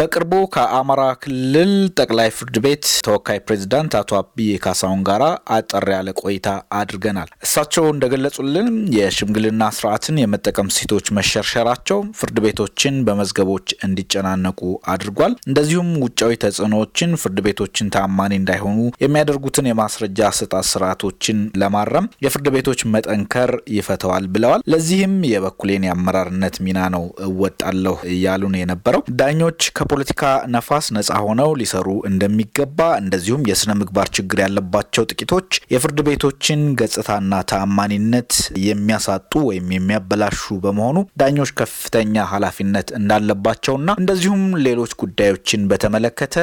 በቅርቡ ከአማራ ክልል ጠቅላይ ፍርድ ቤት ተወካይ ፕሬዚዳንት አቶ አብይ ካሳሁን ጋራ አጠር ያለ ቆይታ አድርገናል። እሳቸው እንደገለጹልን የሽምግልና ስርዓትን የመጠቀም ሴቶች መሸርሸራቸው ፍርድ ቤቶችን በመዝገቦች እንዲጨናነቁ አድርጓል። እንደዚሁም ውጫዊ ተጽዕኖዎችን ፍርድ ቤቶችን ተአማኒ እንዳይሆኑ የሚያደርጉትን የማስረጃ አሰጣጥ ስርዓቶችን ለማረም የፍርድ ቤቶች መጠንከር ይፈተዋል ብለዋል። ለዚህም የበኩሌን የአመራርነት ሚና ነው እወጣለሁ እያሉን የነበረው ዳኞች ከፖለቲካ ነፋስ ነፃ ሆነው ሊሰሩ እንደሚገባ እንደዚሁም የስነ ምግባር ችግር ያለባቸው ጥቂቶች የፍርድ ቤቶችን ገጽታና ተአማኒነት የሚያሳጡ ወይም የሚያበላሹ በመሆኑ ዳኞች ከፍተኛ ኃላፊነት እንዳለባቸውና እንደዚሁም ሌሎች ጉዳዮችን በተመለከተ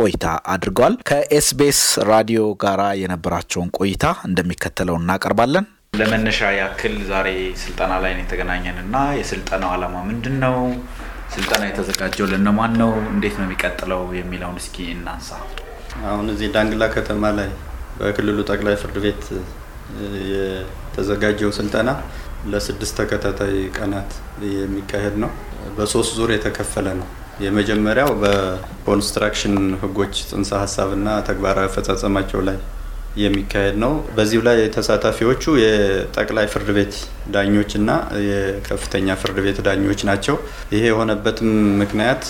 ቆይታ አድርገዋል። ከኤስቤስ ራዲዮ ጋር የነበራቸውን ቆይታ እንደሚከተለው እናቀርባለን። ለመነሻ ያክል ዛሬ ስልጠና ላይ ነው የተገናኘን እና የስልጠናው ዓላማ ምንድን ነው? ስልጠና የተዘጋጀው ለነማን ነው? እንዴት ነው የሚቀጥለው የሚለውን እስኪ እናንሳ። አሁን እዚህ ዳንግላ ከተማ ላይ በክልሉ ጠቅላይ ፍርድ ቤት የተዘጋጀው ስልጠና ለስድስት ተከታታይ ቀናት የሚካሄድ ነው። በሶስት ዙር የተከፈለ ነው። የመጀመሪያው በኮንስትራክሽን ህጎች ጽንሰ ሀሳብና ተግባራዊ አፈጻጸማቸው ላይ የሚካሄድ ነው። በዚሁ ላይ ተሳታፊዎቹ የጠቅላይ ፍርድ ቤት ዳኞች የከፍተኛ ፍርድ ቤት ዳኞች ናቸው። ይሄ የሆነበትም ምክንያት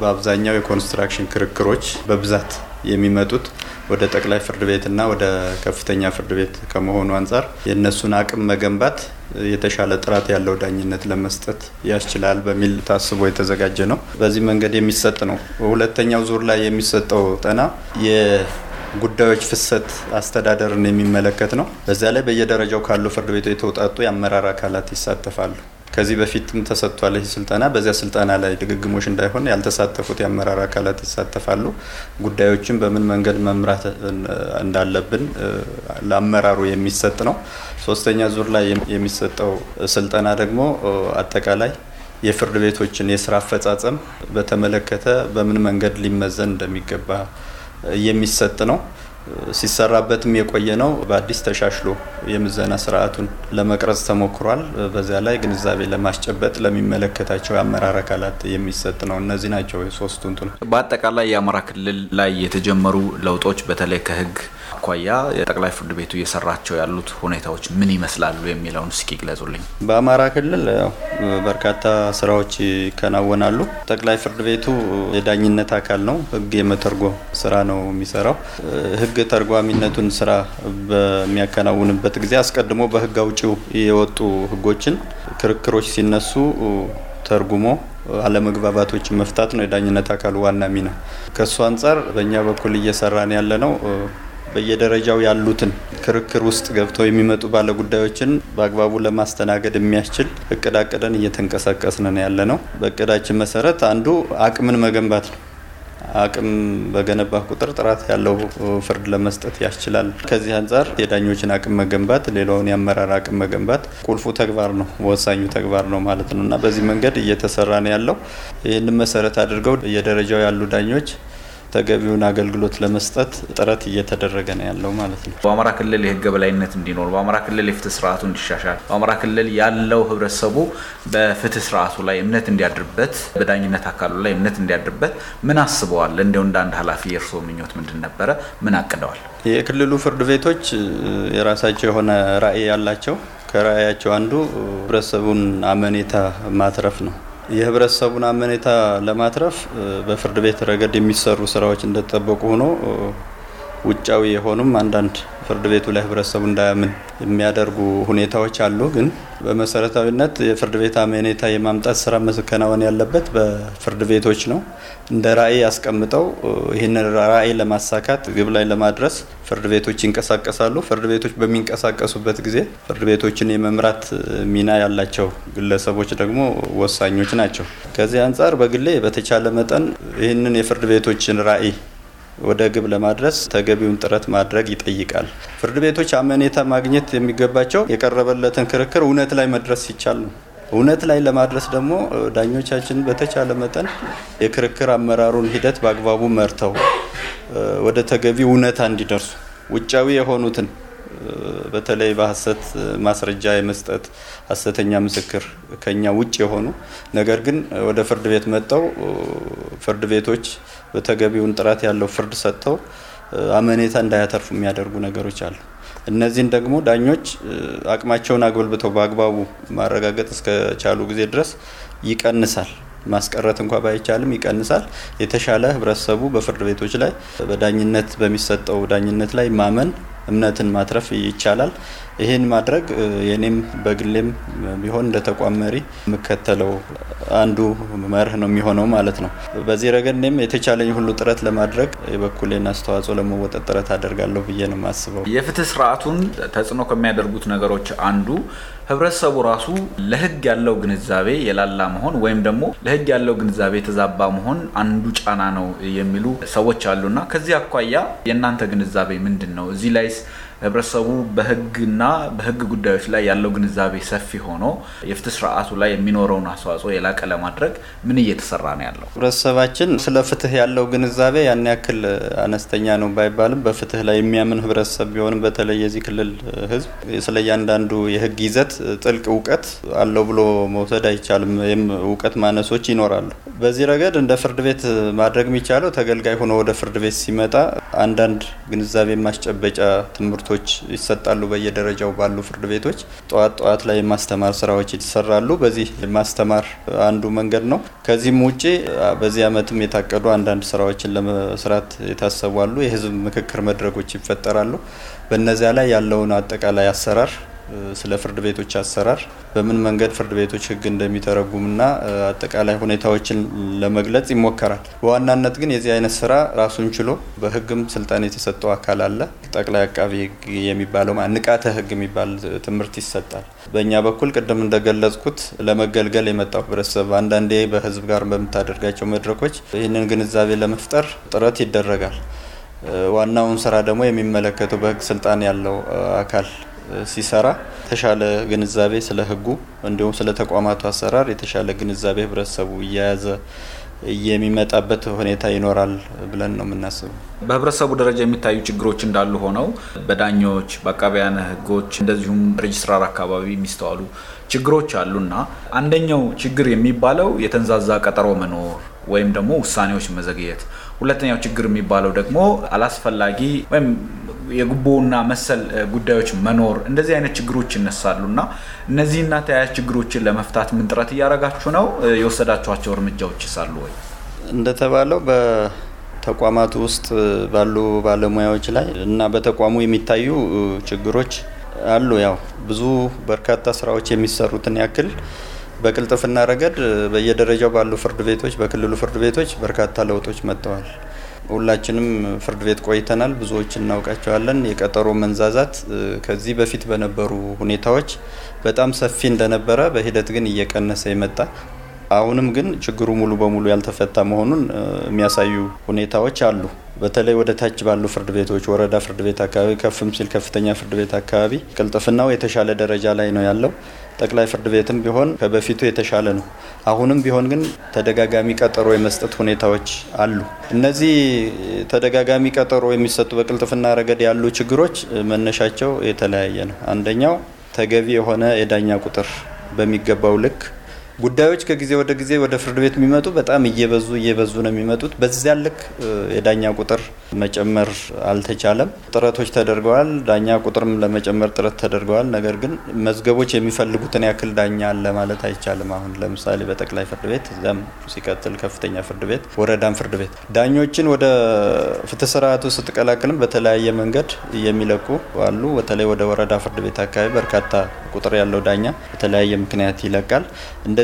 በአብዛኛው የኮንስትራክሽን ክርክሮች በብዛት የሚመጡት ወደ ጠቅላይ ፍርድ ቤት ወደ ከፍተኛ ፍርድ ቤት ከመሆኑ አንጻር የእነሱን አቅም መገንባት የተሻለ ጥራት ያለው ዳኝነት ለመስጠት ያስችላል በሚል ታስቦ የተዘጋጀ ነው። በዚህ መንገድ የሚሰጥ ነው። ሁለተኛው ዙር ላይ የሚሰጠው ጠና ጉዳዮች ፍሰት አስተዳደርን የሚመለከት ነው። በዚያ ላይ በየደረጃው ካሉ ፍርድ ቤቶ የተውጣጡ የአመራር አካላት ይሳተፋሉ። ከዚህ በፊትም ተሰጥቷል ይህ ስልጠና። በዚያ ስልጠና ላይ ድግግሞች እንዳይሆን ያልተሳተፉት የአመራር አካላት ይሳተፋሉ። ጉዳዮችን በምን መንገድ መምራት እንዳለብን ለአመራሩ የሚሰጥ ነው። ሶስተኛ ዙር ላይ የሚሰጠው ስልጠና ደግሞ አጠቃላይ የፍርድ ቤቶችን የስራ አፈጻጸም በተመለከተ በምን መንገድ ሊመዘን እንደሚገባ የሚሰጥ ነው። ሲሰራበትም የቆየ ነው። በአዲስ ተሻሽሎ የምዘና ስርዓቱን ለመቅረጽ ተሞክሯል። በዚያ ላይ ግንዛቤ ለማስጨበጥ ለሚመለከታቸው የአመራር አካላት የሚሰጥ ነው። እነዚህ ናቸው ሶስቱ እንትኑ። በአጠቃላይ የአማራ ክልል ላይ የተጀመሩ ለውጦች በተለይ ከህግ አኳያ የጠቅላይ ፍርድ ቤቱ እየሰራቸው ያሉት ሁኔታዎች ምን ይመስላሉ የሚለውን እስኪ ግለጹልኝ። በአማራ ክልል በርካታ ስራዎች ይከናወናሉ። ጠቅላይ ፍርድ ቤቱ የዳኝነት አካል ነው። ህግ የመተርጎም ስራ ነው የሚሰራው። ህግ ተርጓሚነቱን ስራ በሚያከናውንበት ጊዜ አስቀድሞ በህግ አውጪው የወጡ ህጎችን ክርክሮች ሲነሱ ተርጉሞ አለመግባባቶችን መፍታት ነው የዳኝነት አካሉ ዋና ሚና። ከእሱ አንጻር በእኛ በኩል እየሰራን ያለ ነው በየደረጃው ያሉትን ክርክር ውስጥ ገብተው የሚመጡ ባለጉዳዮችን በአግባቡ ለማስተናገድ የሚያስችል እቅድ አቅደን እየተንቀሳቀስን ያለ ነው። በእቅዳችን መሰረት አንዱ አቅምን መገንባት ነው። አቅም በገነባ ቁጥር ጥራት ያለው ፍርድ ለመስጠት ያስችላል። ከዚህ አንጻር የዳኞችን አቅም መገንባት፣ ሌላውን የአመራር አቅም መገንባት ቁልፉ ተግባር ነው፣ ወሳኙ ተግባር ነው ማለት ነው እና በዚህ መንገድ እየተሰራ ነው ያለው። ይህንን መሰረት አድርገው የደረጃው ያሉ ዳኞች ተገቢውን አገልግሎት ለመስጠት ጥረት እየተደረገ ነው ያለው ማለት ነው። በአማራ ክልል የህግ በላይነት እንዲኖር፣ በአማራ ክልል የፍትህ ስርዓቱ እንዲሻሻል፣ በአማራ ክልል ያለው ህብረተሰቡ በፍትህ ስርዓቱ ላይ እምነት እንዲያድርበት፣ በዳኝነት አካሉ ላይ እምነት እንዲያድርበት ምን አስበዋል? እንደው እንደ አንድ ኃላፊ የእርስዎ ምኞት ምንድን ነበረ? ምን አቅደዋል? የክልሉ ፍርድ ቤቶች የራሳቸው የሆነ ራዕይ ያላቸው ከራዕያቸው አንዱ ህብረተሰቡን አመኔታ ማትረፍ ነው። የህብረተሰቡን አመኔታ ለማትረፍ በፍርድ ቤት ረገድ የሚሰሩ ስራዎች እንደተጠበቁ ሆኖ ውጫዊ የሆኑም አንዳንድ ፍርድ ቤቱ ላይ ህብረተሰቡ እንዳያምን የሚያደርጉ ሁኔታዎች አሉ ግን በመሰረታዊነት የፍርድ ቤት አመኔታ የማምጣት ስራ መከናወን ያለበት በፍርድ ቤቶች ነው። እንደ ራዕይ አስቀምጠው ይህንን ራዕይ ለማሳካት ግብ ላይ ለማድረስ ፍርድ ቤቶች ይንቀሳቀሳሉ። ፍርድ ቤቶች በሚንቀሳቀሱበት ጊዜ ፍርድ ቤቶችን የመምራት ሚና ያላቸው ግለሰቦች ደግሞ ወሳኞች ናቸው። ከዚህ አንጻር በግሌ በተቻለ መጠን ይህንን የፍርድ ቤቶችን ራዕይ ወደ ግብ ለማድረስ ተገቢውን ጥረት ማድረግ ይጠይቃል። ፍርድ ቤቶች አመኔታ ማግኘት የሚገባቸው የቀረበለትን ክርክር እውነት ላይ መድረስ ሲቻል ነው። እውነት ላይ ለማድረስ ደግሞ ዳኞቻችን በተቻለ መጠን የክርክር አመራሩን ሂደት በአግባቡ መርተው ወደ ተገቢ እውነታ እንዲደርሱ ውጫዊ የሆኑትን በተለይ በሀሰት ማስረጃ የመስጠት ሀሰተኛ ምስክር ከኛ ውጭ የሆኑ ነገር ግን ወደ ፍርድ ቤት መጥተው ፍርድ ቤቶች በተገቢውን ጥራት ያለው ፍርድ ሰጥተው አመኔታ እንዳያተርፉ የሚያደርጉ ነገሮች አሉ። እነዚህን ደግሞ ዳኞች አቅማቸውን አጎልብተው በአግባቡ ማረጋገጥ እስከቻሉ ጊዜ ድረስ ይቀንሳል። ማስቀረት እንኳ ባይቻልም ይቀንሳል። የተሻለ ህብረተሰቡ በፍርድ ቤቶች ላይ በዳኝነት በሚሰጠው ዳኝነት ላይ ማመን እምነትን ማትረፍ ይቻላል። ይህን ማድረግ የኔም በግሌም ቢሆን እንደ ተቋም መሪ የምከተለው አንዱ መርህ ነው የሚሆነው ማለት ነው። በዚህ ረገድ እኔም የተቻለኝ ሁሉ ጥረት ለማድረግ የበኩሌን አስተዋጽኦ ለመወጠጥ ጥረት አደርጋለሁ ብዬ ነው የማስበው። የፍትህ ስርዓቱን ተጽዕኖ ከሚያደርጉት ነገሮች አንዱ ህብረተሰቡ ራሱ ለህግ ያለው ግንዛቤ የላላ መሆን ወይም ደግሞ ለህግ ያለው ግንዛቤ የተዛባ መሆን አንዱ ጫና ነው የሚሉ ሰዎች አሉና ከዚህ አኳያ የእናንተ ግንዛቤ ምንድን ነው? እዚህ ላይስ ህብረተሰቡ በህግና በህግ ጉዳዮች ላይ ያለው ግንዛቤ ሰፊ ሆኖ የፍትህ ስርዓቱ ላይ የሚኖረውን አስተዋጽኦ የላቀ ለማድረግ ምን እየተሰራ ነው ያለው? ህብረተሰባችን ስለ ፍትህ ያለው ግንዛቤ ያን ያክል አነስተኛ ነው ባይባልም በፍትህ ላይ የሚያምን ህብረተሰብ ቢሆንም በተለይ የዚህ ክልል ህዝብ ስለ እያንዳንዱ የህግ ይዘት ጥልቅ እውቀት አለው ብሎ መውሰድ አይቻልም። ወይም እውቀት ማነሶች ይኖራሉ። በዚህ ረገድ እንደ ፍርድ ቤት ማድረግ የሚቻለው ተገልጋይ ሆኖ ወደ ፍርድ ቤት ሲመጣ አንዳንድ ግንዛቤ ማስጨበጫ ትምህርቶ ትምህርቶች ይሰጣሉ በየደረጃው ባሉ ፍርድ ቤቶች። ጠዋት ጠዋት ላይ የማስተማር ስራዎች ይሰራሉ። በዚህ ማስተማር አንዱ መንገድ ነው። ከዚህም ውጭ በዚህ አመትም የታቀዱ አንዳንድ ስራዎችን ለመስራት የታሰቡ አሉ። የህዝብ ምክክር መድረኮች ይፈጠራሉ። በነዚያ ላይ ያለውን አጠቃላይ አሰራር ስለ ፍርድ ቤቶች አሰራር በምን መንገድ ፍርድ ቤቶች እንደሚተረጉም እንደሚተረጉምና አጠቃላይ ሁኔታዎችን ለመግለጽ ይሞከራል። በዋናነት ግን የዚህ አይነት ስራ ራሱን ችሎ በህግም ስልጣን የተሰጠው አካል አለ። ጠቅላይ አቃቢ ህግ የሚባለው ንቃተ ህግ የሚባል ትምህርት ይሰጣል። በእኛ በኩል ቅድም እንደገለጽኩት ለመገልገል የመጣው ህብረተሰብ አንዳንዴ በህዝብ ጋር በምታደርጋቸው መድረኮች ይህንን ግንዛቤ ለመፍጠር ጥረት ይደረጋል። ዋናውን ስራ ደግሞ የሚመለከተው በህግ ስልጣን ያለው አካል ሲሰራ የተሻለ ግንዛቤ ስለ ህጉ እንዲሁም ስለ ተቋማቱ አሰራር የተሻለ ግንዛቤ ህብረተሰቡ እየያዘ የሚመጣበት ሁኔታ ይኖራል ብለን ነው የምናስበው። በህብረተሰቡ ደረጃ የሚታዩ ችግሮች እንዳሉ ሆነው በዳኞች በአቃቢያነ ህጎች እንደዚሁም ሬጅስትራር አካባቢ የሚስተዋሉ ችግሮች አሉና አንደኛው ችግር የሚባለው የተንዛዛ ቀጠሮ መኖር ወይም ደግሞ ውሳኔዎች መዘግየት፣ ሁለተኛው ችግር የሚባለው ደግሞ አላስፈላጊ ወይም የጉቦና መሰል ጉዳዮች መኖር እንደዚህ አይነት ችግሮች ይነሳሉ እና እነዚህና ተያያዥ ችግሮችን ለመፍታት ምን ጥረት እያደረጋችሁ ነው? የወሰዳችኋቸው እርምጃዎች ይሳሉ ወይ? እንደተባለው በተቋማት ውስጥ ባሉ ባለሙያዎች ላይ እና በተቋሙ የሚታዩ ችግሮች አሉ። ያው ብዙ በርካታ ስራዎች የሚሰሩትን ያክል በቅልጥፍና ረገድ በየደረጃው ባሉ ፍርድ ቤቶች፣ በክልሉ ፍርድ ቤቶች በርካታ ለውጦች መጥተዋል። ሁላችንም ፍርድ ቤት ቆይተናል። ብዙዎች እናውቃቸዋለን። የቀጠሮ መንዛዛት ከዚህ በፊት በነበሩ ሁኔታዎች በጣም ሰፊ እንደነበረ በሂደት ግን እየቀነሰ የመጣ አሁንም ግን ችግሩ ሙሉ በሙሉ ያልተፈታ መሆኑን የሚያሳዩ ሁኔታዎች አሉ። በተለይ ወደ ታች ባሉ ፍርድ ቤቶች ወረዳ ፍርድ ቤት አካባቢ ከፍም ሲል ከፍተኛ ፍርድ ቤት አካባቢ ቅልጥፍናው የተሻለ ደረጃ ላይ ነው ያለው። ጠቅላይ ፍርድ ቤትም ቢሆን ከበፊቱ የተሻለ ነው። አሁንም ቢሆን ግን ተደጋጋሚ ቀጠሮ የመስጠት ሁኔታዎች አሉ። እነዚህ ተደጋጋሚ ቀጠሮ የሚሰጡ በቅልጥፍና ረገድ ያሉ ችግሮች መነሻቸው የተለያየ ነው። አንደኛው ተገቢ የሆነ የዳኛ ቁጥር በሚገባው ልክ ጉዳዮች ከጊዜ ወደ ጊዜ ወደ ፍርድ ቤት የሚመጡ በጣም እየበዙ እየበዙ ነው የሚመጡት። በዚያ ልክ የዳኛ ቁጥር መጨመር አልተቻለም። ጥረቶች ተደርገዋል። ዳኛ ቁጥርም ለመጨመር ጥረት ተደርገዋል። ነገር ግን መዝገቦች የሚፈልጉትን ያክል ዳኛ አለ ማለት አይቻልም። አሁን ለምሳሌ በጠቅላይ ፍርድ ቤት እዚያም ሲቀጥል ከፍተኛ ፍርድ ቤት፣ ወረዳም ፍርድ ቤት ዳኞችን ወደ ፍትህ ስርዓቱ ስትቀላቅልም በተለያየ መንገድ የሚለቁ አሉ። በተለይ ወደ ወረዳ ፍርድ ቤት አካባቢ በርካታ ቁጥር ያለው ዳኛ በተለያየ ምክንያት ይለቃል።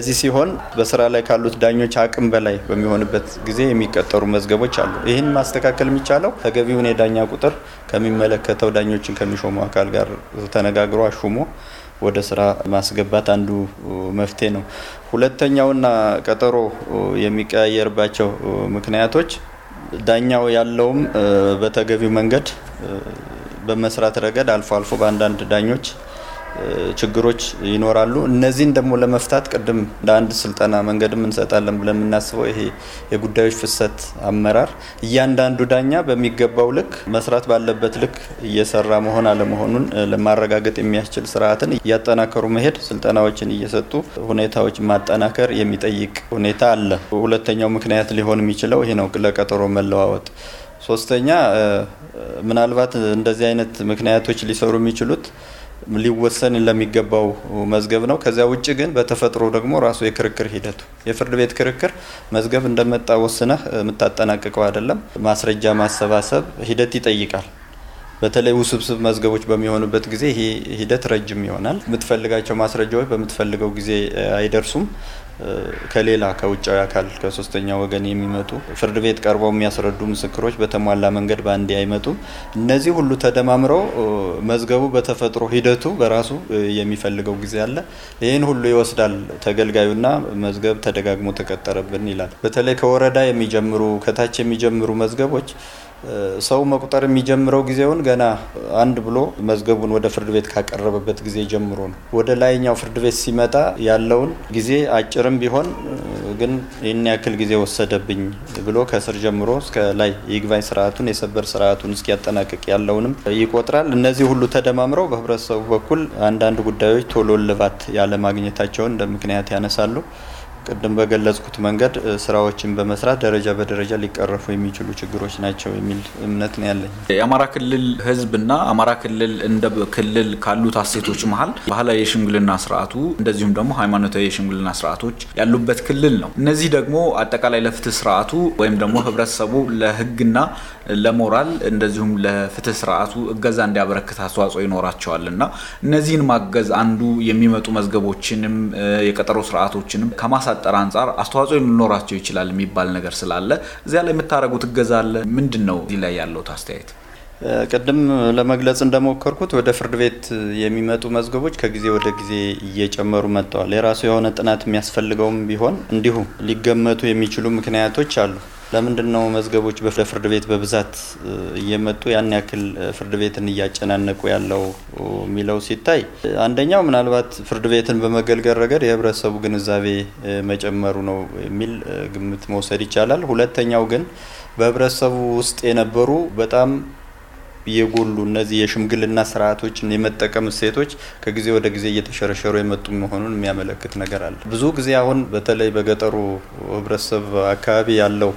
እንደዚህ ሲሆን በስራ ላይ ካሉት ዳኞች አቅም በላይ በሚሆንበት ጊዜ የሚቀጠሩ መዝገቦች አሉ። ይህን ማስተካከል የሚቻለው ተገቢውን የዳኛ ቁጥር ከሚመለከተው ዳኞችን ከሚሾሙ አካል ጋር ተነጋግሮ አሹሞ ወደ ስራ ማስገባት አንዱ መፍትሄ ነው። ሁለተኛውና ቀጠሮ የሚቀያየርባቸው ምክንያቶች ዳኛው ያለውም በተገቢው መንገድ በመስራት ረገድ አልፎ አልፎ በአንዳንድ ዳኞች ችግሮች ይኖራሉ። እነዚህን ደግሞ ለመፍታት ቅድም እንደ አንድ ስልጠና መንገድም እንሰጣለን ብለን የምናስበው ይሄ የጉዳዮች ፍሰት አመራር እያንዳንዱ ዳኛ በሚገባው ልክ መስራት ባለበት ልክ እየሰራ መሆን አለመሆኑን ለማረጋገጥ የሚያስችል ስርዓትን እያጠናከሩ መሄድ፣ ስልጠናዎችን እየሰጡ ሁኔታዎች ማጠናከር የሚጠይቅ ሁኔታ አለ። ሁለተኛው ምክንያት ሊሆን የሚችለው ይሄ ነው፣ ለቀጠሮ መለዋወጥ ሶስተኛ ምናልባት እንደዚህ አይነት ምክንያቶች ሊሰሩ የሚችሉት ሊወሰን ለሚገባው መዝገብ ነው። ከዚያ ውጭ ግን በተፈጥሮ ደግሞ ራሱ የክርክር ሂደቱ የፍርድ ቤት ክርክር መዝገብ እንደመጣ ወስነህ የምታጠናቅቀው አይደለም። ማስረጃ ማሰባሰብ ሂደት ይጠይቃል። በተለይ ውስብስብ መዝገቦች በሚሆኑበት ጊዜ ይሄ ሂደት ረጅም ይሆናል። የምትፈልጋቸው ማስረጃዎች በምትፈልገው ጊዜ አይደርሱም። ከሌላ ከውጫዊ አካል ከሶስተኛ ወገን የሚመጡ ፍርድ ቤት ቀርበው የሚያስረዱ ምስክሮች በተሟላ መንገድ በአንዴ አይመጡም። እነዚህ ሁሉ ተደማምረው መዝገቡ በተፈጥሮ ሂደቱ በራሱ የሚፈልገው ጊዜ አለ። ይህን ሁሉ ይወስዳል። ተገልጋዩና መዝገብ ተደጋግሞ ተቀጠረብን ይላል። በተለይ ከወረዳ የሚጀምሩ ከታች የሚጀምሩ መዝገቦች ሰው መቁጠር የሚጀምረው ጊዜውን ገና አንድ ብሎ መዝገቡን ወደ ፍርድ ቤት ካቀረበበት ጊዜ ጀምሮ ነው። ወደ ላይኛው ፍርድ ቤት ሲመጣ ያለውን ጊዜ አጭርም ቢሆን ግን ይህን ያክል ጊዜ ወሰደብኝ ብሎ ከስር ጀምሮ እስከ ላይ የይግባኝ ስርዓቱን የሰበር ስርዓቱን እስኪያጠናቅቅ ያለውንም ይቆጥራል። እነዚህ ሁሉ ተደማምረው በህብረተሰቡ በኩል አንዳንድ ጉዳዮች ቶሎ እልባት ያለማግኘታቸውን እንደ ምክንያት ያነሳሉ። ቅድም በገለጽኩት መንገድ ስራዎችን በመስራት ደረጃ በደረጃ ሊቀረፉ የሚችሉ ችግሮች ናቸው የሚል እምነት ነው ያለኝ። የአማራ ክልል ህዝብና አማራ ክልል እንደ ክልል ካሉት አሴቶች መሀል ባህላዊ የሽምግልና ስርዓቱ እንደዚሁም ደግሞ ሃይማኖታዊ የሽምግልና ስርዓቶች ያሉበት ክልል ነው። እነዚህ ደግሞ አጠቃላይ ለፍትህ ስርዓቱ ወይም ደግሞ ህብረተሰቡ ለህግና ለሞራል እንደዚሁም ለፍትህ ስርዓቱ እገዛ እንዲያበረክት አስተዋጽኦ ይኖራቸዋል እና እነዚህን ማገዝ አንዱ የሚመጡ መዝገቦችንም የቀጠሮ ስርዓቶችንም ከማሳ ከማሳጠር አንጻር አስተዋጽኦ ሊኖራቸው ይችላል የሚባል ነገር ስላለ እዚያ ላይ የምታደርጉት እገዛ አለ? ምንድን ነው እዚህ ላይ ያለውት አስተያየት? ቅድም ለመግለጽ እንደሞከርኩት ወደ ፍርድ ቤት የሚመጡ መዝገቦች ከጊዜ ወደ ጊዜ እየጨመሩ መጥተዋል። የራሱ የሆነ ጥናት የሚያስፈልገውም ቢሆን እንዲሁ ሊገመቱ የሚችሉ ምክንያቶች አሉ። ለምንድን ነው መዝገቦች በፍርድ ቤት በብዛት እየመጡ ያን ያክል ፍርድ ቤትን እያጨናነቁ ያለው የሚለው ሲታይ አንደኛው ምናልባት ፍርድ ቤትን በመገልገል ረገድ የህብረተሰቡ ግንዛቤ መጨመሩ ነው የሚል ግምት መውሰድ ይቻላል። ሁለተኛው ግን በህብረተሰቡ ውስጥ የነበሩ በጣም የጎሉ እነዚህ የሽምግልና ስርዓቶችን የመጠቀም እሴቶች ከጊዜ ወደ ጊዜ እየተሸረሸሩ የመጡ መሆኑን የሚያመለክት ነገር አለ። ብዙ ጊዜ አሁን በተለይ በገጠሩ ህብረተሰብ አካባቢ ያለው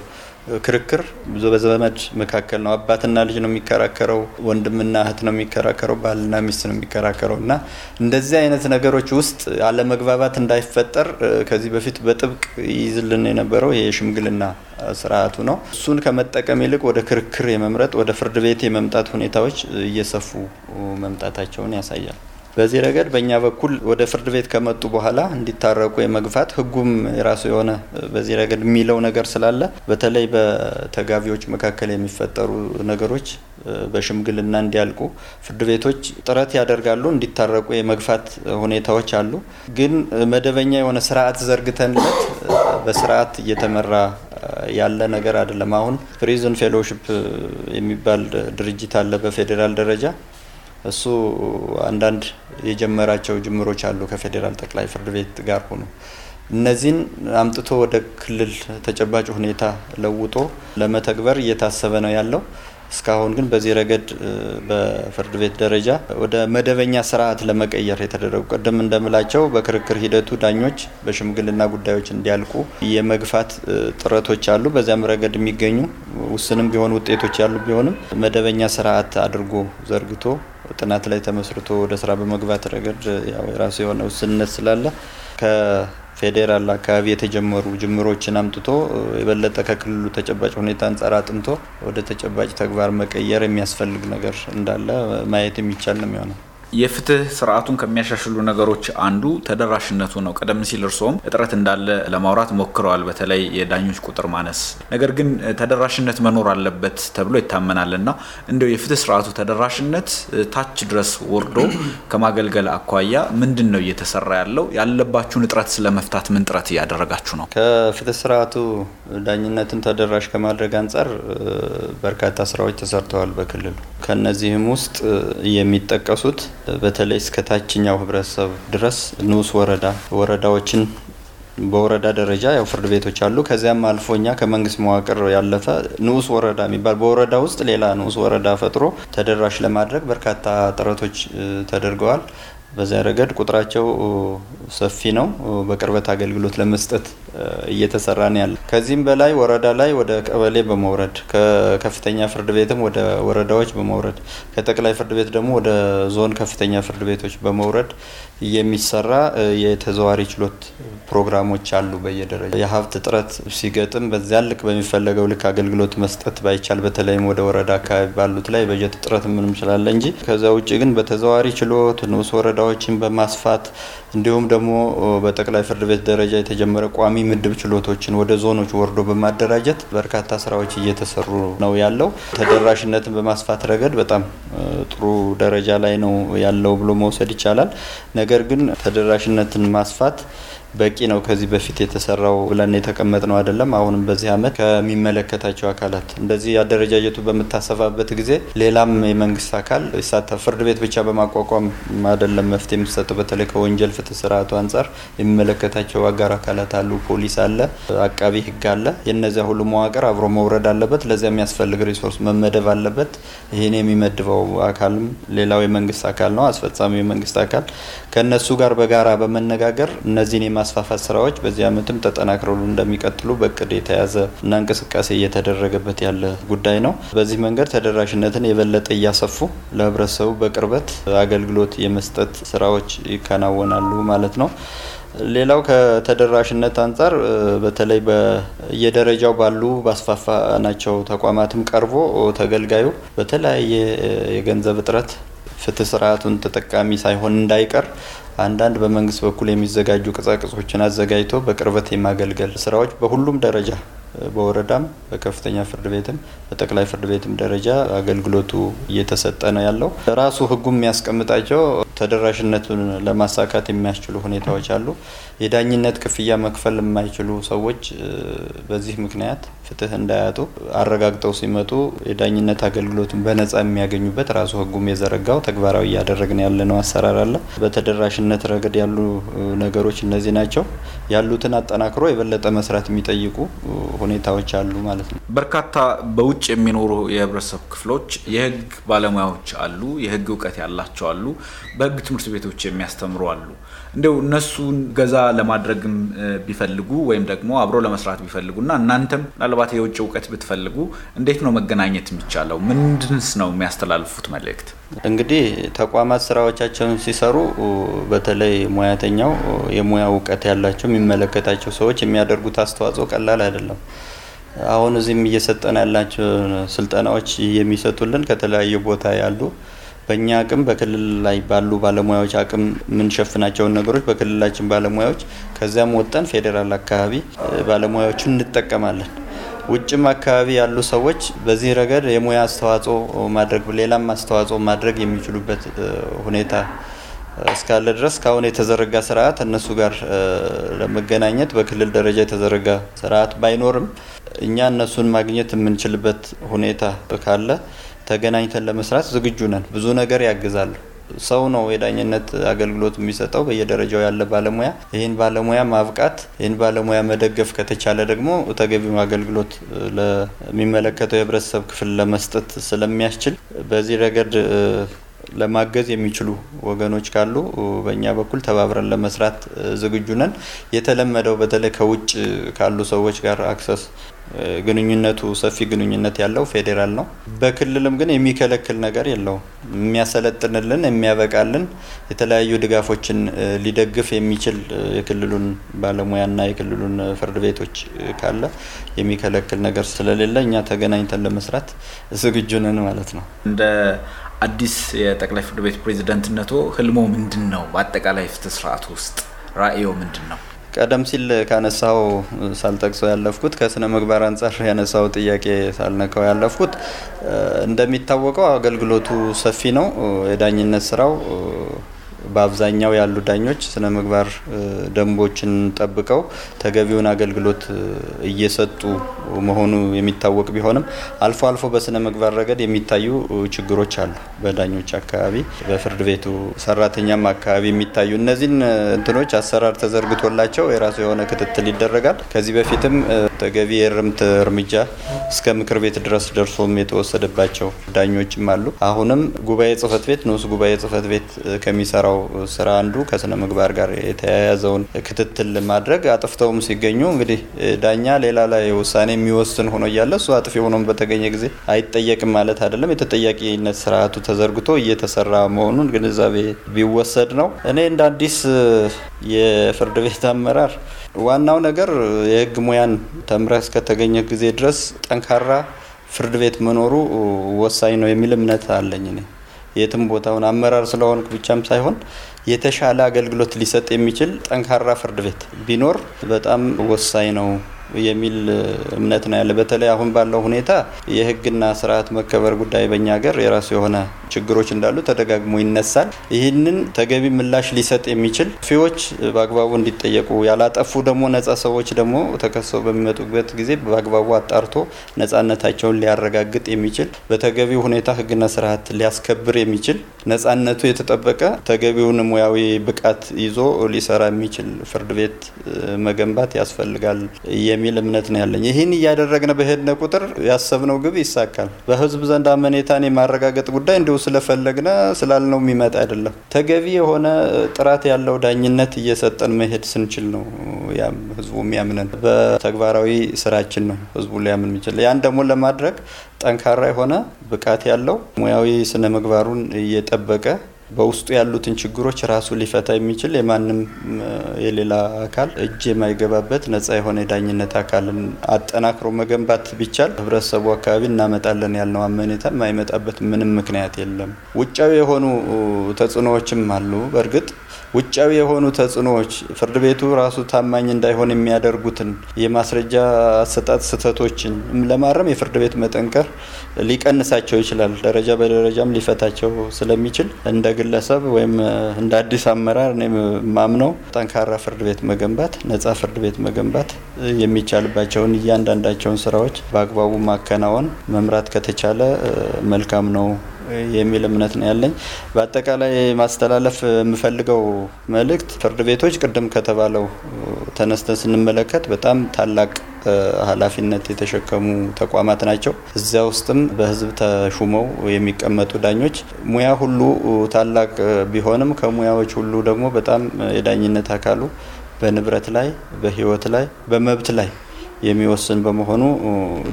ክርክር በዘመድ መካከል ነው። አባትና ልጅ ነው የሚከራከረው፣ ወንድምና እህት ነው የሚከራከረው፣ ባልና ሚስት ነው የሚከራከረው እና እንደዚህ አይነት ነገሮች ውስጥ አለመግባባት እንዳይፈጠር ከዚህ በፊት በጥብቅ ይይዝልን የነበረው የሽምግልና ስርዓቱ ነው። እሱን ከመጠቀም ይልቅ ወደ ክርክር የመምረጥ ወደ ፍርድ ቤት የመምጣት ሁኔታዎች እየሰፉ መምጣታቸውን ያሳያል። በዚህ ረገድ በእኛ በኩል ወደ ፍርድ ቤት ከመጡ በኋላ እንዲታረቁ የመግፋት ህጉም የራሱ የሆነ በዚህ ረገድ የሚለው ነገር ስላለ በተለይ በተጋቢዎች መካከል የሚፈጠሩ ነገሮች በሽምግልና እንዲያልቁ ፍርድ ቤቶች ጥረት ያደርጋሉ። እንዲታረቁ የመግፋት ሁኔታዎች አሉ። ግን መደበኛ የሆነ ስርዓት ዘርግተንለት በስርዓት እየተመራ ያለ ነገር አይደለም። አሁን ፕሪዝን ፌሎሽፕ የሚባል ድርጅት አለ በፌዴራል ደረጃ እሱ አንዳንድ የጀመራቸው ጅምሮች አሉ ከፌዴራል ጠቅላይ ፍርድ ቤት ጋር ሆኖ እነዚህን አምጥቶ ወደ ክልል ተጨባጭ ሁኔታ ለውጦ ለመተግበር እየታሰበ ነው ያለው። እስካሁን ግን በዚህ ረገድ በፍርድ ቤት ደረጃ ወደ መደበኛ ስርዓት ለመቀየር የተደረጉ ቅድም እንደምላቸው በክርክር ሂደቱ ዳኞች በሽምግልና ጉዳዮች እንዲያልቁ የመግፋት ጥረቶች አሉ። በዚያም ረገድ የሚገኙ ውስንም ቢሆን ውጤቶች ያሉ ቢሆንም መደበኛ ስርዓት አድርጎ ዘርግቶ ጥናት ላይ ተመስርቶ ወደ ስራ በመግባት ረገድ ያው የራሱ የሆነ ውስንነት ስላለ ከፌዴራል አካባቢ የተጀመሩ ጅምሮችን አምጥቶ የበለጠ ከክልሉ ተጨባጭ ሁኔታ አንጻር አጥንቶ ወደ ተጨባጭ ተግባር መቀየር የሚያስፈልግ ነገር እንዳለ ማየት የሚቻል ነው የሚሆነው። የፍትህ ስርዓቱን ከሚያሻሽሉ ነገሮች አንዱ ተደራሽነቱ ነው። ቀደም ሲል እርስዎም እጥረት እንዳለ ለማውራት ሞክረዋል፣ በተለይ የዳኞች ቁጥር ማነስ። ነገር ግን ተደራሽነት መኖር አለበት ተብሎ ይታመናል እና እንደው የፍትህ ስርዓቱ ተደራሽነት ታች ድረስ ወርዶ ከማገልገል አኳያ ምንድን ነው እየተሰራ ያለው? ያለባችሁን እጥረት ስለመፍታት ምን ጥረት እያደረጋችሁ ነው? ከፍትህ ስርዓቱ ዳኝነትን ተደራሽ ከማድረግ አንጻር በርካታ ስራዎች ተሰርተዋል በክልሉ ከነዚህም ውስጥ የሚጠቀሱት በተለይ እስከ ታችኛው ህብረተሰብ ድረስ ንዑስ ወረዳ ወረዳዎችን በወረዳ ደረጃ ያው ፍርድ ቤቶች አሉ። ከዚያም አልፎ እኛ ከመንግስት መዋቅር ያለፈ ንዑስ ወረዳ የሚባል በወረዳ ውስጥ ሌላ ንዑስ ወረዳ ፈጥሮ ተደራሽ ለማድረግ በርካታ ጥረቶች ተደርገዋል። በዚያ ረገድ ቁጥራቸው ሰፊ ነው። በቅርበት አገልግሎት ለመስጠት እየተሰራ ነው ያለ። ከዚህም በላይ ወረዳ ላይ ወደ ቀበሌ በመውረድ ከከፍተኛ ፍርድ ቤትም ወደ ወረዳዎች በመውረድ ከጠቅላይ ፍርድ ቤት ደግሞ ወደ ዞን ከፍተኛ ፍርድ ቤቶች በመውረድ የሚሰራ የተዘዋሪ ችሎት ፕሮግራሞች አሉ። በየደረጃ የሀብት እጥረት ሲገጥም በዚያ ልክ በሚፈለገው ልክ አገልግሎት መስጠት ባይቻል በተለይም ወደ ወረዳ አካባቢ ባሉት ላይ በጀት እጥረት ምንም ስላለ እንጂ ከዛ ውጭ ግን በተዘዋሪ ችሎት ንዑስ ወረዳዎችን በማስፋት እንዲሁም ደግሞ በጠቅላይ ፍርድ ቤት ደረጃ የተጀመረ ቋሚ ምድብ ችሎቶችን ወደ ዞኖች ወርዶ በማደራጀት በርካታ ስራዎች እየተሰሩ ነው ያለው። ተደራሽነትን በማስፋት ረገድ በጣም ጥሩ ደረጃ ላይ ነው ያለው ብሎ መውሰድ ይቻላል። ነገር ግን ተደራሽነትን ማስፋት በቂ ነው ከዚህ በፊት የተሰራው ብለን የተቀመጥ ነው አይደለም። አሁንም በዚህ አመት ከሚመለከታቸው አካላት እንደዚህ አደረጃጀቱ በምታሰፋበት ጊዜ ሌላም የመንግስት አካል ይሳተፍ። ፍርድ ቤት ብቻ በማቋቋም አይደለም መፍትሄ የሚሰጠው። በተለይ ከወንጀል ፍትህ ስርዓቱ አንጻር የሚመለከታቸው አጋር አካላት አሉ። ፖሊስ አለ፣ አቃቢ ህግ አለ። የነዚያ ሁሉ መዋቅር አብሮ መውረድ አለበት። ለዚያ የሚያስፈልግ ሪሶርስ መመደብ አለበት። ይህን የሚመድበው አካልም ሌላው የመንግስት አካል ነው፣ አስፈጻሚ የመንግስት አካል ከእነሱ ጋር በጋራ በመነጋገር እነዚህን የማ የማስፋፋት ስራዎች በዚህ አመትም ተጠናክረው እንደሚቀጥሉ በቅድ የተያዘ እና እንቅስቃሴ እየተደረገበት ያለ ጉዳይ ነው። በዚህ መንገድ ተደራሽነትን የበለጠ እያሰፉ ለህብረተሰቡ በቅርበት አገልግሎት የመስጠት ስራዎች ይከናወናሉ ማለት ነው። ሌላው ከተደራሽነት አንጻር በተለይ በየደረጃው ባሉ ናቸው ተቋማትም ቀርቦ ተገልጋዩ በተለያየ የገንዘብ እጥረት ፍትህ ስርዓቱን ተጠቃሚ ሳይሆን እንዳይቀር አንዳንድ በመንግስት በኩል የሚዘጋጁ ቅጻቅጾችን አዘጋጅቶ በቅርበት የማገልገል ስራዎች በሁሉም ደረጃ በወረዳም በከፍተኛ ፍርድ ቤትም በጠቅላይ ፍርድ ቤትም ደረጃ አገልግሎቱ እየተሰጠ ነው ያለው። ራሱ ህጉም የሚያስቀምጣቸው ተደራሽነቱን ለማሳካት የሚያስችሉ ሁኔታዎች አሉ። የዳኝነት ክፍያ መክፈል የማይችሉ ሰዎች በዚህ ምክንያት ፍትህ እንዳያጡ አረጋግጠው ሲመጡ የዳኝነት አገልግሎቱን በነጻ የሚያገኙበት ራሱ ህጉም የዘረጋው ተግባራዊ እያደረግን ያለነው አሰራር አለ። በተደራሽነት ረገድ ያሉ ነገሮች እነዚህ ናቸው። ያሉትን አጠናክሮ የበለጠ መስራት የሚጠይቁ ሁኔታዎች አሉ ማለት ነው። በርካታ በውጭ የሚኖሩ የህብረተሰብ ክፍሎች የህግ ባለሙያዎች አሉ፣ የህግ እውቀት ያላቸው አሉ፣ በህግ ትምህርት ቤቶች የሚያስተምሩ አሉ። እንደው እነሱን ገዛ ለማድረግም ቢፈልጉ ወይም ደግሞ አብሮ ለመስራት ቢፈልጉ እና እናንተም ምናልባት የውጭ እውቀት ብትፈልጉ እንዴት ነው መገናኘት የሚቻለው? ምንድንስ ነው የሚያስተላልፉት መልእክት? እንግዲህ ተቋማት ስራዎቻቸውን ሲሰሩ በተለይ ሙያተኛው የሙያ እውቀት ያላቸው የሚመለከታቸው ሰዎች የሚያደርጉት አስተዋጽኦ ቀላል አይደለም። አሁን እዚህም እየሰጠን ያላቸው ስልጠናዎች የሚሰጡልን ከተለያዩ ቦታ ያሉ በእኛ አቅም በክልል ላይ ባሉ ባለሙያዎች አቅም የምንሸፍናቸውን ነገሮች በክልላችን ባለሙያዎች ከዚያም ወጠን ፌዴራል አካባቢ ባለሙያዎችን እንጠቀማለን። ውጭም አካባቢ ያሉ ሰዎች በዚህ ረገድ የሙያ አስተዋጽኦ ማድረግ ሌላም አስተዋጽኦ ማድረግ የሚችሉበት ሁኔታ እስካለ ድረስ ካሁን የተዘረጋ ስርዓት እነሱ ጋር ለመገናኘት በክልል ደረጃ የተዘረጋ ስርዓት ባይኖርም እኛ እነሱን ማግኘት የምንችልበት ሁኔታ ካለ ተገናኝተን ለመስራት ዝግጁ ነን። ብዙ ነገር ያግዛል። ሰው ነው የዳኝነት አገልግሎት የሚሰጠው በየደረጃው ያለ ባለሙያ። ይህን ባለሙያ ማብቃት፣ ይህን ባለሙያ መደገፍ ከተቻለ ደግሞ ተገቢው አገልግሎት ለሚመለከተው የህብረተሰብ ክፍል ለመስጠት ስለሚያስችል በዚህ ረገድ ለማገዝ የሚችሉ ወገኖች ካሉ በእኛ በኩል ተባብረን ለመስራት ዝግጁ ነን። የተለመደው በተለይ ከውጭ ካሉ ሰዎች ጋር አክሰስ ግንኙነቱ ሰፊ ግንኙነት ያለው ፌዴራል ነው። በክልልም ግን የሚከለክል ነገር የለውም። የሚያሰለጥንልን የሚያበቃልን የተለያዩ ድጋፎችን ሊደግፍ የሚችል የክልሉን ባለሙያና የክልሉን ፍርድ ቤቶች ካለ የሚከለክል ነገር ስለሌለ እኛ ተገናኝተን ለመስራት ዝግጁ ነን ማለት ነው። እንደ አዲስ የጠቅላይ ፍርድ ቤት ፕሬዚደንትነቶ ህልሞ ምንድን ነው? በአጠቃላይ ፍትህ ስርዓት ውስጥ ራዕዮ ምንድን ነው? ቀደም ሲል ካነሳው ሳልጠቅሰው ያለፍኩት ከስነ ምግባር አንጻር ያነሳው ጥያቄ ሳልነካው ያለፍኩት እንደሚታወቀው አገልግሎቱ ሰፊ ነው። የዳኝነት ስራው በአብዛኛው ያሉ ዳኞች ስነ ምግባር ደንቦችን ጠብቀው ተገቢውን አገልግሎት እየሰጡ መሆኑ የሚታወቅ ቢሆንም አልፎ አልፎ በስነ ምግባር ረገድ የሚታዩ ችግሮች አሉ። በዳኞች አካባቢ፣ በፍርድ ቤቱ ሰራተኛም አካባቢ የሚታዩ እነዚህን እንትኖች አሰራር ተዘርግቶላቸው የራሱ የሆነ ክትትል ይደረጋል። ከዚህ በፊትም ተገቢ የእርምት እርምጃ እስከ ምክር ቤት ድረስ ደርሶም የተወሰደባቸው ዳኞችም አሉ። አሁንም ጉባኤ ጽህፈት ቤት ንዑስ ጉባኤ ጽህፈት ቤት ከሚሰራው ስራ አንዱ ከስነ ምግባር ጋር የተያያዘውን ክትትል ማድረግ አጥፍተውም ሲገኙ እንግዲህ ዳኛ ሌላ ላይ ውሳኔ የሚወስን ሆኖ እያለ እሱ አጥፊ ሆኖም በተገኘ ጊዜ አይጠየቅም ማለት አይደለም። የተጠያቂነት ስርዓቱ ተዘርግቶ እየተሰራ መሆኑን ግንዛቤ ቢወሰድ ነው። እኔ እንደ አዲስ የፍርድ ቤት አመራር ዋናው ነገር የህግ ሙያን ተምረህ እስከተገኘ ጊዜ ድረስ ጠንካራ ፍርድ ቤት መኖሩ ወሳኝ ነው የሚል እምነት አለኝ። እኔ የትም ቦታውን አመራር ስለሆንኩ ብቻም ሳይሆን የተሻለ አገልግሎት ሊሰጥ የሚችል ጠንካራ ፍርድ ቤት ቢኖር በጣም ወሳኝ ነው የሚል እምነት ነው ያለ። በተለይ አሁን ባለው ሁኔታ የህግና ስርዓት መከበር ጉዳይ በእኛ ሀገር የራሱ የሆነ ችግሮች እንዳሉ ተደጋግሞ ይነሳል። ይህንን ተገቢ ምላሽ ሊሰጥ የሚችል ፊዎች በአግባቡ እንዲጠየቁ ያላጠፉ ደግሞ ነጻ ሰዎች ደግሞ ተከሰው በሚመጡበት ጊዜ በአግባቡ አጣርቶ ነጻነታቸውን ሊያረጋግጥ የሚችል በተገቢው ሁኔታ ህግና ስርዓት ሊያስከብር የሚችል ነጻነቱ የተጠበቀ ተገቢውን ሙያዊ ብቃት ይዞ ሊሰራ የሚችል ፍርድ ቤት መገንባት ያስፈልጋል የሚ የሚል እምነት ነው ያለኝ። ይህን እያደረግን በሄድነ ቁጥር ያሰብነው ግብ ይሳካል። በህዝብ ዘንድ አመኔታን የማረጋገጥ ጉዳይ እንዲሁ ስለፈለግነ ስላልነው የሚመጣ አይደለም። ተገቢ የሆነ ጥራት ያለው ዳኝነት እየሰጠን መሄድ ስንችል ነው ያም ህዝቡ የሚያምነን። በተግባራዊ ስራችን ነው ህዝቡ ሊያምን የሚችል። ያን ደግሞ ለማድረግ ጠንካራ የሆነ ብቃት ያለው ሙያዊ ስነ ምግባሩን እየጠበቀ በውስጡ ያሉትን ችግሮች ራሱ ሊፈታ የሚችል የማንም የሌላ አካል እጅ የማይገባበት ነፃ የሆነ የዳኝነት አካልን አጠናክሮ መገንባት ቢቻል ህብረተሰቡ አካባቢ እናመጣለን ያልነው አመኔታ የማይመጣበት ምንም ምክንያት የለም። ውጫዊ የሆኑ ተጽዕኖዎችም አሉ በእርግጥ ውጫዊ የሆኑ ተጽዕኖዎች ፍርድ ቤቱ ራሱ ታማኝ እንዳይሆን የሚያደርጉትን የማስረጃ አሰጣጥ ስህተቶችን ለማረም የፍርድ ቤት መጠንከር ሊቀንሳቸው ይችላል። ደረጃ በደረጃም ሊፈታቸው ስለሚችል እንደ ግለሰብ ወይም እንደ አዲስ አመራር እኔም ማምነው ጠንካራ ፍርድ ቤት መገንባት፣ ነጻ ፍርድ ቤት መገንባት የሚቻልባቸውን እያንዳንዳቸውን ስራዎች በአግባቡ ማከናወን መምራት ከተቻለ መልካም ነው። የሚል እምነት ነው ያለኝ። በአጠቃላይ ማስተላለፍ የምፈልገው መልእክት ፍርድ ቤቶች ቅድም ከተባለው ተነስተን ስንመለከት በጣም ታላቅ ኃላፊነት የተሸከሙ ተቋማት ናቸው። እዚያ ውስጥም በሕዝብ ተሹመው የሚቀመጡ ዳኞች ሙያ ሁሉ ታላቅ ቢሆንም ከሙያዎች ሁሉ ደግሞ በጣም የዳኝነት አካሉ በንብረት ላይ፣ በሕይወት ላይ፣ በመብት ላይ የሚወስን በመሆኑ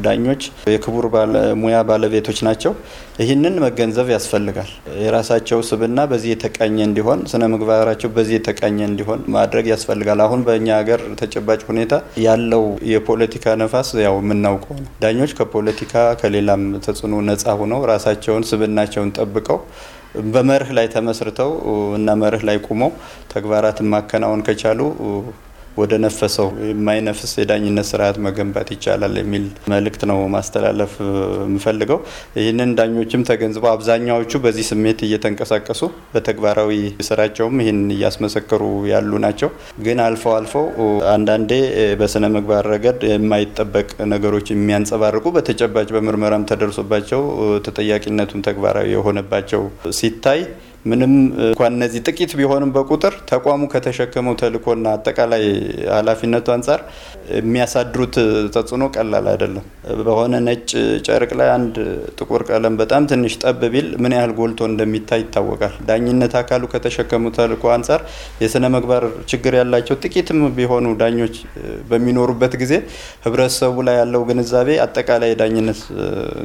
ዳኞች የክቡር ሙያ ባለቤቶች ናቸው። ይህንን መገንዘብ ያስፈልጋል። የራሳቸው ስብና በዚህ የተቃኘ እንዲሆን፣ ስነ ምግባራቸው በዚህ የተቃኘ እንዲሆን ማድረግ ያስፈልጋል። አሁን በእኛ ሀገር ተጨባጭ ሁኔታ ያለው የፖለቲካ ነፋስ ያው የምናውቀው ነው። ዳኞች ከፖለቲካ ከሌላም ተጽዕኖ ነጻ ሆነው ራሳቸውን ስብናቸውን ጠብቀው በመርህ ላይ ተመስርተው እና መርህ ላይ ቁመው ተግባራትን ማከናወን ከቻሉ ወደ ነፈሰው የማይነፍስ የዳኝነት ስርዓት መገንባት ይቻላል የሚል መልእክት ነው ማስተላለፍ የምፈልገው። ይህንን ዳኞችም ተገንዝበው አብዛኛዎቹ በዚህ ስሜት እየተንቀሳቀሱ በተግባራዊ ስራቸውም ይህን እያስመሰከሩ ያሉ ናቸው። ግን አልፈው አልፈው አንዳንዴ በስነ ምግባር ረገድ የማይጠበቅ ነገሮች የሚያንጸባርቁ በተጨባጭ በምርመራም ተደርሶባቸው ተጠያቂነቱም ተግባራዊ የሆነባቸው ሲታይ ምንም እንኳን እነዚህ ጥቂት ቢሆንም በቁጥር ተቋሙ ከተሸከመው ተልእኮና አጠቃላይ ኃላፊነቱ አንጻር የሚያሳድሩት ተጽዕኖ ቀላል አይደለም። በሆነ ነጭ ጨርቅ ላይ አንድ ጥቁር ቀለም በጣም ትንሽ ጠብ ቢል ምን ያህል ጎልቶ እንደሚታይ ይታወቃል። ዳኝነት አካሉ ከተሸከመው ተልእኮ አንጻር የስነ ምግባር ችግር ያላቸው ጥቂትም ቢሆኑ ዳኞች በሚኖሩበት ጊዜ ህብረተሰቡ ላይ ያለው ግንዛቤ አጠቃላይ ዳኝነት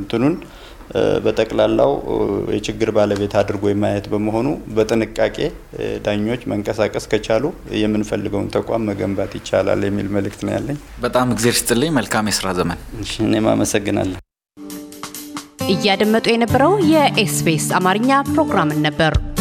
እንትኑን በጠቅላላው የችግር ባለቤት አድርጎ የማየት በመሆኑ በጥንቃቄ ዳኞች መንቀሳቀስ ከቻሉ የምንፈልገውን ተቋም መገንባት ይቻላል የሚል መልእክት ነው ያለኝ። በጣም እግዜር ስጥልኝ። መልካም የስራ ዘመን። እኔም አመሰግናለሁ። እያደመጡ የነበረው የኤስቢኤስ አማርኛ ፕሮግራምን ነበር።